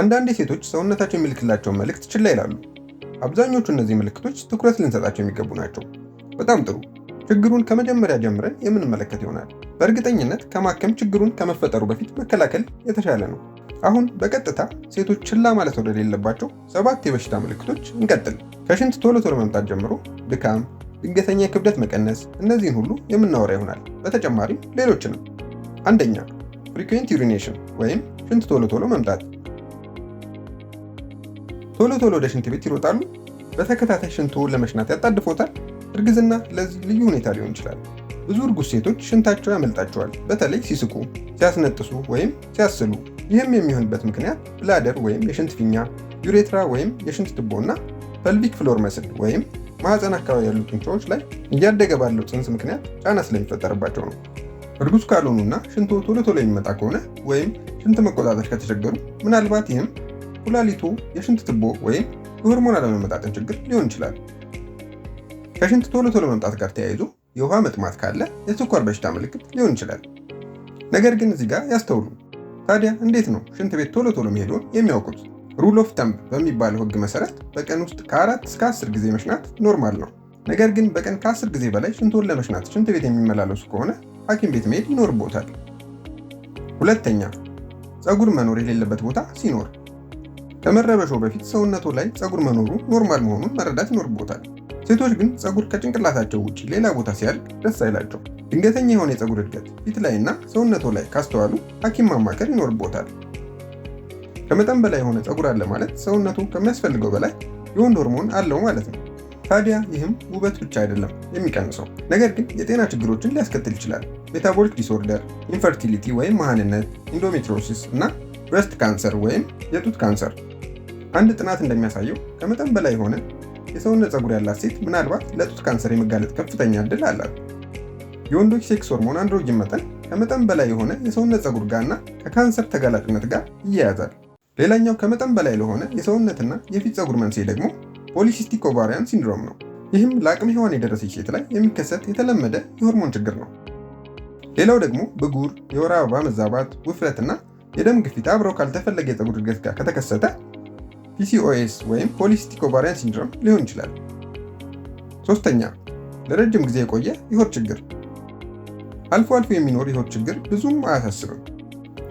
አንዳንድ ሴቶች ሰውነታቸው የሚልክላቸውን መልእክት ችላ ይላሉ። አብዛኞቹ እነዚህ ምልክቶች ትኩረት ልንሰጣቸው የሚገቡ ናቸው። በጣም ጥሩ። ችግሩን ከመጀመሪያ ጀምረን የምንመለከት ይሆናል። በእርግጠኝነት ከማከም ችግሩን ከመፈጠሩ በፊት መከላከል የተሻለ ነው። አሁን በቀጥታ ሴቶች ችላ ማለት ወደሌለባቸው ሰባት የበሽታ ምልክቶች እንቀጥል። ከሽንት ቶሎ ቶሎ መምጣት ጀምሮ ድካም፣ ድንገተኛ የክብደት መቀነስ፣ እነዚህን ሁሉ የምናወራ ይሆናል። በተጨማሪም ሌሎችንም። አንደኛ፣ ፍሪኩዌንት ዩሪኔሽን ወይም ሽንት ቶሎ ቶሎ መምጣት ቶሎ ቶሎ ወደ ሽንት ቤት ይሮጣሉ፣ በተከታታይ ሽንትዎን ለመሽናት ያጣድፎታል። እርግዝና ለዚህ ልዩ ሁኔታ ሊሆን ይችላል። ብዙ እርጉዝ ሴቶች ሽንታቸው ያመልጣቸዋል፣ በተለይ ሲስቁ፣ ሲያስነጥሱ ወይም ሲያስሉ። ይህም የሚሆንበት ምክንያት ብላደር ወይም የሽንት ፊኛ፣ ዩሬትራ ወይም የሽንት ቱቦ እና ፐልቪክ ፍሎር መስል ወይም ማህፀን አካባቢ ያሉ ጡንቻዎች ላይ እያደገ ባለው ጽንስ ምክንያት ጫና ስለሚፈጠርባቸው ነው። እርጉዝ ካልሆኑና ሽንቶ ቶሎ ቶሎ የሚመጣ ከሆነ ወይም ሽንት መቆጣጠር ከተቸገሩ ምናልባት ይህም ኩላሊቱ፣ የሽንት ትቦ ወይም የሆርሞን አለመመጣጠን ችግር ሊሆን ይችላል። ከሽንት ቶሎ ቶሎ መምጣት ጋር ተያይዞ የውሃ መጥማት ካለ የስኳር በሽታ ምልክት ሊሆን ይችላል። ነገር ግን እዚህ ጋር ያስተውሉ። ታዲያ እንዴት ነው ሽንት ቤት ቶሎ ቶሎ መሄዱን የሚያውቁት? ሩል ኦፍ ተምብ በሚባለው ህግ መሰረት በቀን ውስጥ ከአራት እስከ አስር ጊዜ መሽናት ኖርማል ነው። ነገር ግን በቀን ከአስር ጊዜ በላይ ሽንቶን ለመሽናት ሽንት ቤት የሚመላለሱ ከሆነ ሐኪም ቤት መሄድ ይኖርቦታል። ሁለተኛ፣ ፀጉር መኖር የሌለበት ቦታ ሲኖር ከመረበሾ በፊት ሰውነቱ ላይ ፀጉር መኖሩ ኖርማል መሆኑን መረዳት ይኖርቦታል። ሴቶች ግን ፀጉር ከጭንቅላታቸው ውጭ ሌላ ቦታ ሲያድግ ደስ አይላቸው። ድንገተኛ የሆነ የፀጉር እድገት ፊት ላይና ሰውነቶ ላይ ካስተዋሉ ሐኪም ማማከር ይኖርቦታል። ከመጠን በላይ የሆነ ፀጉር አለ ማለት ሰውነቱ ከሚያስፈልገው በላይ የወንድ ሆርሞን አለው ማለት ነው። ታዲያ ይህም ውበት ብቻ አይደለም የሚቀንሰው፣ ነገር ግን የጤና ችግሮችን ሊያስከትል ይችላል። ሜታቦሊክ ዲስኦርደር፣ ኢንፈርቲሊቲ ወይም መሃንነት፣ ኢንዶሜትሮሲስ እና ብረስት ካንሰር ወይም የጡት ካንሰር አንድ ጥናት እንደሚያሳየው ከመጠን በላይ የሆነ የሰውነት ፀጉር ያላት ሴት ምናልባት ለጡት ካንሰር የመጋለጥ ከፍተኛ እድል አላት። የወንዶች ሴክስ ሆርሞን አንድሮጅን መጠን ከመጠን በላይ የሆነ የሰውነት ፀጉር ጋር እና ከካንሰር ተጋላጭነት ጋር ይያያዛል። ሌላኛው ከመጠን በላይ ለሆነ የሰውነትና የፊት ፀጉር መንስኤ ደግሞ ፖሊሲስቲክ ኦቫሪያን ሲንድሮም ነው። ይህም ለአቅመ ሔዋን የደረሰች ሴት ላይ የሚከሰት የተለመደ የሆርሞን ችግር ነው። ሌላው ደግሞ ብጉር፣ የወር አበባ መዛባት፣ ውፍረትና የደም ግፊት አብረው ካልተፈለገ የፀጉር እድገት ጋር ከተከሰተ ፒሲኦኤስ ወይም ፖሊሲስቲክ ኦቫሪያን ሲንድሮም ሊሆን ይችላል። ሶስተኛ ለረጅም ጊዜ የቆየ የሆድ ችግር። አልፎ አልፎ የሚኖር የሆድ ችግር ብዙም አያሳስብም።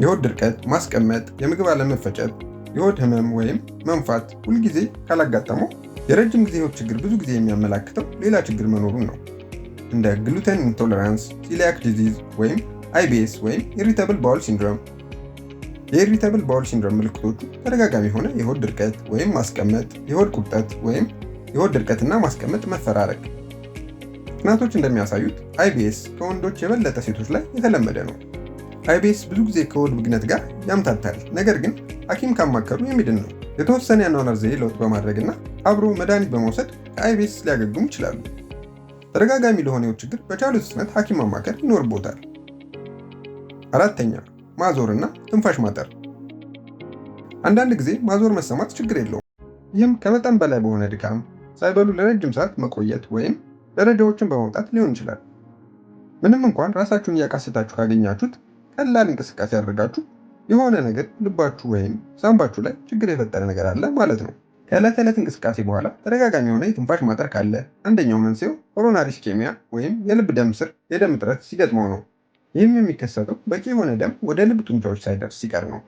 የሆድ ድርቀት፣ ማስቀመጥ፣ የምግብ አለመፈጨት፣ የሆድ ህመም ወይም መንፋት ሁልጊዜ ካላጋጠመው የረጅም ጊዜ የሆድ ችግር ብዙ ጊዜ የሚያመላክተው ሌላ ችግር መኖሩን ነው። እንደ ግሉተን ኢንቶለራንስ፣ ሲሊያክ ዲዚዝ ወይም አይቢኤስ ወይም ኢሪታብል ባውል ሲንድሮም የኢሪታብል ባውል ሲንድሮም ምልክቶቹ ተደጋጋሚ የሆነ የሆድ ድርቀት ወይም ማስቀመጥ፣ የሆድ ቁርጠት ወይም የሆድ ድርቀትና ማስቀመጥ መፈራረቅ። ጥናቶች እንደሚያሳዩት አይቢኤስ ከወንዶች የበለጠ ሴቶች ላይ የተለመደ ነው። አይቢኤስ ብዙ ጊዜ ከሆድ ብግነት ጋር ያምታታል፣ ነገር ግን ሐኪም ካማከሩ የሚድን ነው። የተወሰነ የአኗኗር ዘይቤ ለውጥ በማድረግና አብሮ መድኃኒት በመውሰድ ከአይቢኤስ ሊያገግሙ ይችላሉ። ተደጋጋሚ ለሆነው ችግር በቻሉት ፍጥነት ሐኪም ማማከር ይኖርቦታል። አራተኛ ማዞርና ትንፋሽ ማጠር። አንዳንድ ጊዜ ማዞር መሰማት ችግር የለውም። ይህም ከመጠን በላይ በሆነ ድካም ሳይበሉ ለረጅም ሰዓት መቆየት ወይም ደረጃዎችን በመውጣት ሊሆን ይችላል። ምንም እንኳን ራሳችሁን እያቃሰታችሁ ካገኛችሁት ቀላል እንቅስቃሴ ያደርጋችሁ የሆነ ነገር ልባችሁ ወይም ሳንባችሁ ላይ ችግር የፈጠረ ነገር አለ ማለት ነው። ከዕለት ተዕለት እንቅስቃሴ በኋላ ተደጋጋሚ የሆነ የትንፋሽ ማጠር ካለ አንደኛው መንስኤው ኮሮናሪ ኢስኬሚያ ወይም የልብ ደም ስር የደም እጥረት ሲገጥመው ነው። ይህም የሚከሰተው በቂ የሆነ ደም ወደ ልብ ጡንቻዎች ሳይደርስ ሲቀር ነው።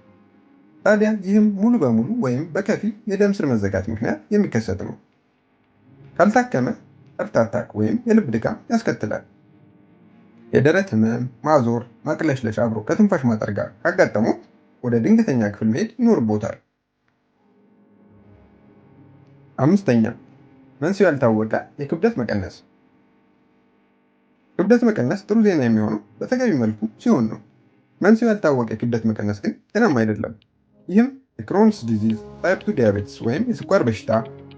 ታዲያ ይህም ሙሉ በሙሉ ወይም በከፊል የደም ስር መዘጋት ምክንያት የሚከሰት ነው። ካልታከመ ሃርት አታክ ወይም የልብ ድካም ያስከትላል። የደረት ህመም፣ ማዞር፣ ማቅለሽለሽ አብሮ ከትንፋሽ ማጠር ጋር ካጋጠሙ ወደ ድንገተኛ ክፍል መሄድ ይኖርቦታል። አምስተኛ መንስኤው ያልታወቀ የክብደት መቀነስ ክብደት መቀነስ ጥሩ ዜና የሚሆነው በተገቢ መልኩ ሲሆን ነው። መንስኤው ያልታወቀ የክብደት መቀነስ ግን ጤናም አይደለም። ይህም የክሮንስ ዲዚዝ፣ ታይፕ 2 ዲያቤትስ ወይም የስኳር በሽታ፣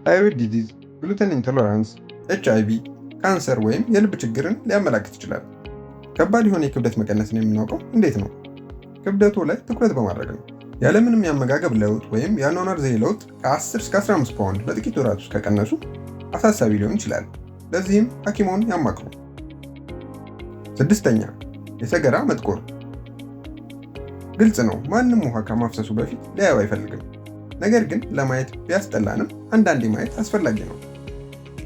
ታይሮይድ ዲዚዝ፣ ግሉተን ኢንቶለራንስ፣ ኤች አይቪ፣ ካንሰር ወይም የልብ ችግርን ሊያመላክት ይችላል። ከባድ የሆነ የክብደት መቀነስን የምናውቀው እንዴት ነው? ክብደቱ ላይ ትኩረት በማድረግ ነው። ያለምንም የአመጋገብ ለውጥ ወይም የአኗኗር ዘይ ለውጥ ከ10 እስከ 15 ፓውንድ በጥቂት ወራት ውስጥ ከቀነሱ አሳሳቢ ሊሆን ይችላል። ለዚህም ሐኪሞን ያማክሩ። ስድስተኛ የሰገራ መጥቆር ግልጽ ነው ማንም ውሃ ከማፍሰሱ በፊት ሊያየው አይፈልግም ነገር ግን ለማየት ቢያስጠላንም አንዳንዴ ማየት አስፈላጊ ነው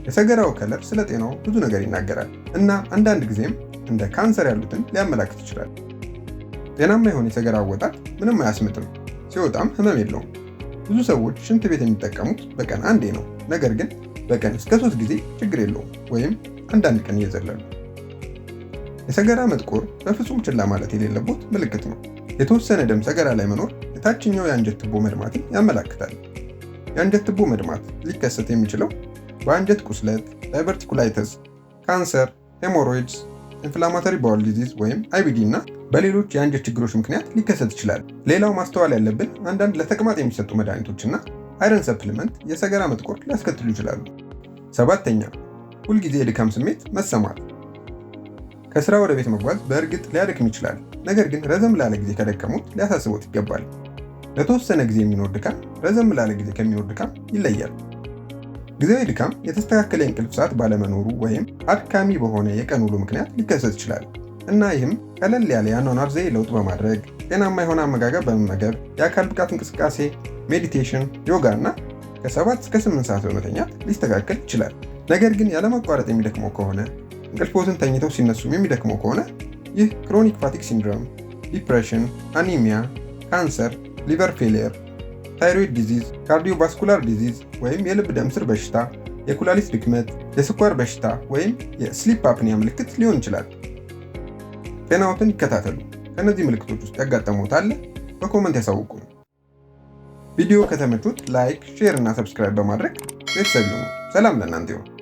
የሰገራው ከለር ስለ ጤናው ብዙ ነገር ይናገራል እና አንዳንድ ጊዜም እንደ ካንሰር ያሉትን ሊያመላክት ይችላል ጤናማ የሆነ የሰገራ አወጣት ምንም አያስምጥም ሲወጣም ህመም የለውም ብዙ ሰዎች ሽንት ቤት የሚጠቀሙት በቀን አንዴ ነው ነገር ግን በቀን እስከ ሶስት ጊዜ ችግር የለውም ወይም አንዳንድ ቀን እየዘለሉ የሰገራ መጥቆር በፍጹም ችላ ማለት የሌለቦት ምልክት ነው። የተወሰነ ደም ሰገራ ላይ መኖር የታችኛው የአንጀት ትቦ መድማትን ያመላክታል። የአንጀት ትቦ መድማት ሊከሰት የሚችለው በአንጀት ቁስለት፣ ዳይቨርቲኩላይተስ፣ ካንሰር፣ ሄሞሮይድስ፣ ኢንፍላማቶሪ ባውል ዲዚዝ ወይም አይቢዲ እና በሌሎች የአንጀት ችግሮች ምክንያት ሊከሰት ይችላል። ሌላው ማስተዋል ያለብን አንዳንድ ለተቅማጥ የሚሰጡ መድኃኒቶች እና አይረን ሰፕሊመንት የሰገራ መጥቆር ሊያስከትሉ ይችላሉ። ሰባተኛ ሁልጊዜ የድካም ስሜት መሰማት ከስራ ወደ ቤት መጓዝ በእርግጥ ሊያደክም ይችላል። ነገር ግን ረዘም ላለ ጊዜ ከደከሙት ሊያሳስቦት ይገባል። ለተወሰነ ጊዜ የሚኖር ድካም ረዘም ላለ ጊዜ ከሚኖር ድካም ይለያል። ጊዜያዊ ድካም የተስተካከለ የእንቅልፍ ሰዓት ባለመኖሩ ወይም አድካሚ በሆነ የቀን ውሎ ምክንያት ሊከሰት ይችላል እና ይህም ቀለል ያለ የአኗኗር ዘዬ ለውጥ በማድረግ ጤናማ የሆነ አመጋገብ በመመገብ የአካል ብቃት እንቅስቃሴ፣ ሜዲቴሽን፣ ዮጋ እና ከ7 እስከ 8 ሰዓት በመተኛት ሊስተካከል ይችላል። ነገር ግን ያለመቋረጥ የሚደክመው ከሆነ እንቅልፎትን ተኝተው ሲነሱም የሚደክመው ከሆነ ይህ ክሮኒክ ፋቲክ ሲንድሮም፣ ዲፕሬሽን፣ አኒሚያ፣ ካንሰር፣ ሊቨር ፌሊየር፣ ታይሮይድ ዲዚዝ፣ ካርዲዮቫስኩላር ዲዚዝ ወይም የልብ ደም ስር በሽታ፣ የኩላሊት ድክመት፣ የስኳር በሽታ ወይም የስሊፕ አፕኒያ ምልክት ሊሆን ይችላል። ጤናዎትን ይከታተሉ። ከእነዚህ ምልክቶች ውስጥ ያጋጠሙት አለ? በኮመንት ያሳውቁ። ቪዲዮ ከተመቹት ላይክ፣ ሼር እና ሰብስክራይብ በማድረግ ቤተሰብ ሰላም ለእናንተ ይሁን።